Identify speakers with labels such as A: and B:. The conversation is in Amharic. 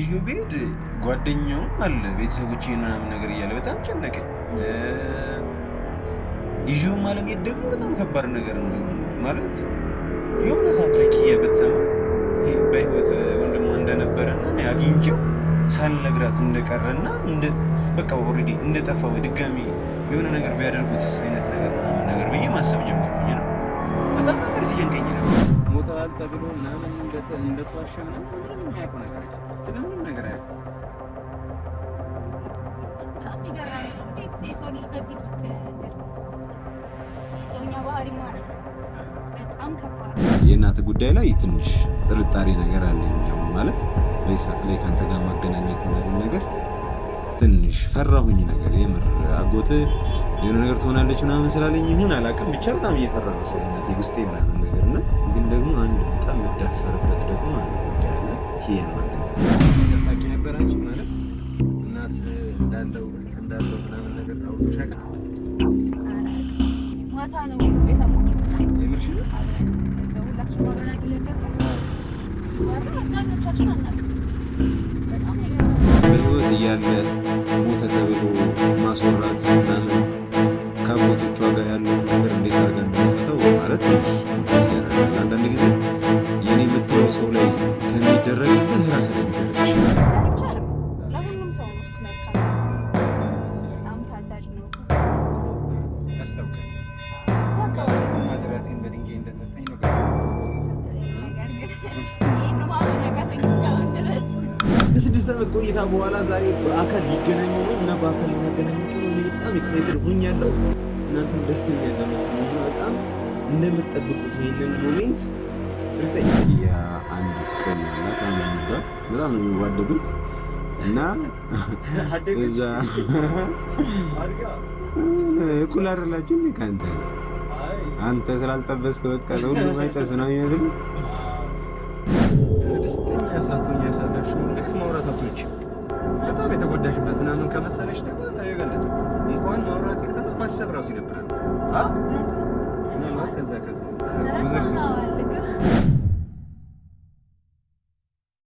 A: ይዤው ብሄድ ጓደኛውም አለ ቤተሰቦች ምናምን ነገር እያለ በጣም ጨነቀኝ። ይዤው አለመሄድ ደግሞ በጣም ከባድ ነገር ነው። ማለት የሆነ ሰዓት ላይ ኪያ ብትሰማ በህይወት ወንድሟ እንደነበረና አግኝቼው ሳልነግራት እንደቀረና በቃ ኦልሬዲ እንደጠፋ ወይ ድጋሚ የሆነ ነገር ቢያደርጉትስ አይነት ነገር ነገር ብዬ ማሰብ ጀመርኩኝ። ተብሎ ለምን እንደተ እንደተዋሸ ምናምን ምንም የሚያውቀው ነገር አይደለም። ስለ ምንም ነገር አይደለም። የእናት ጉዳይ ላይ ትንሽ ጥርጣሬ ነገር አለኝ። ማለት በይሳት ላይ ከአንተ ጋር ማገናኘት ምናምን ነገር ትንሽ ፈራሁኝ ነገር የምር አጎት የሆነ ነገር ትሆናለች ምናምን ስላለኝ ይሁን አላውቅም፣ ብቻ በጣም እየፈራ ነው ሰውነቴ ውስጤ ምናምን ነገር እና ግን ደግሞ አንድ ይሄን ማለት ነው። ታውቂ ነበር አንቺ ማለት እናት እንዳለው እንዳለው ምናምን ነገር አውርቶሽ
B: ማታ ነው የሰማሁት። የምርሽ
A: ነው? ሁላችንም
B: አብረን አብዛኞቻችን አናውቅም።
A: በህይወት እያለ ሞተ ተብሎ ማስወራት ምናምን ከአባቶቿ ጋር ያለውን ነገር እንዴት አድርጋ እንደሚፈታው ማለት አንዳንድ ጊዜ ያለብህ ራስ ላይ ብደረሽ ከስድስት ዓመት ቆይታ በኋላ ዛሬ በአካል ሊገናኙ ነው እና በአካል የሚያገናኙት ነው። በጣም ኤክሳይትድ ሆኛለሁ። እናንተም ደስተኛ ያለበት በጣም እንደምጠብቁት ይህንን ሞሜንት እርግጠኛ በጣም ነው የሚዋደዱት እና እዛ እኩል አይደላችሁ እንዴ? ከአንተ አንተ ስላልጠበስክ በቃ ለሁሉ ማይጠስ ነው የሚመስል ደስተኛ ሳትሆኝ ያሳለፍሽው ልክ ማውራታቶች በጣም የተጎዳሽበት ምናምን ከመሰለሽ የበለጠ እንኳን ማውራት ማሰብ ራሱ ይደብራል። ከዛ ከዛ